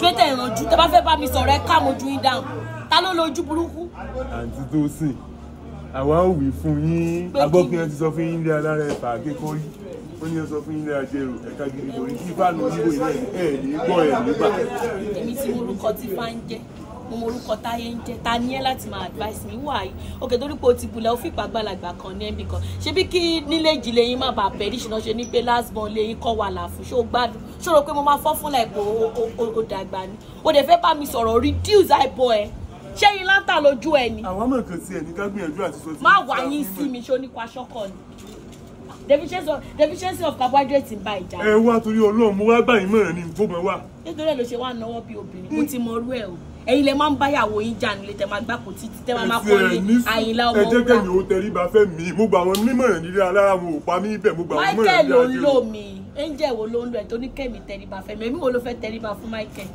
twitter ìrànjú tẹ bá fẹ́ bá mi sọ̀rọ̀ ẹ ká mojú yín dáhùn ta ló lójú burúkú. àǹtí tó sì àwa ò wí fún yín agbópin ẹ ti sọ fún yín ilé alára ẹ̀fà akékòrí ó ní ẹ sọ fún yín ilé ajẹrò ẹ̀ka gidi lórí tí fáànù yíwò ilé ẹ̀ ní gbọ́ ẹ̀ nígbà. èmi ti mú orúkọ tí fá ohun orúkọ táyé ń jẹ́ ta ní ẹ́ láti máa advice mi wà yìí òkè torí pé o ti bulẹ̀ o fi ìpàgbàlagbà kan ní ẹ̀mí kan ṣé kí nílé ìjìnlẹ̀ yín má bàa pẹ̀lú ìṣúná ṣe ní pé last born lè kọ́ wà láàfù ṣé o gbádùn ṣòro pé mo máa fọ́ fún láìpò o dàgbà ni o dẹ̀ fẹ́ bá mi sọ̀rọ̀ reduce àìbọ̀ ẹ̀ ṣé yín láńtà lójú ẹ ni. àwọn mọ̀ọ́kàn sí ẹ̀ ní ká deficiency of carbohydrate ń ba ìjà. ẹ wá torí Ọlọ́run mo wá gbà yín mọ̀ràn ní gbogbo ẹ nítorí ẹ ló ṣe wá náwó bí obìnrin mo ti mọ orú ẹ o ẹ̀yin lẹ máa ń báyàwó yín jà nílé tẹ máa gbàpò títí tẹ máa máa kọ́ ní àyìnlá ọmọ ọgbà. ẹ jẹ́ kẹ́yìn ó tẹrí ba fẹ́ mi mo gba àwọn onímọ̀ràn nílé alára wọn ò pa mí bẹ́ẹ̀ mo gba àwọn onímọ̀ràn nílé ajé. Michael ló ń lò mí angel wo ló ń lò ẹ̀ tó ní kẹ́mi tẹríba fẹ́ mi èmi wo ló fẹ́ tẹríba fún Michael.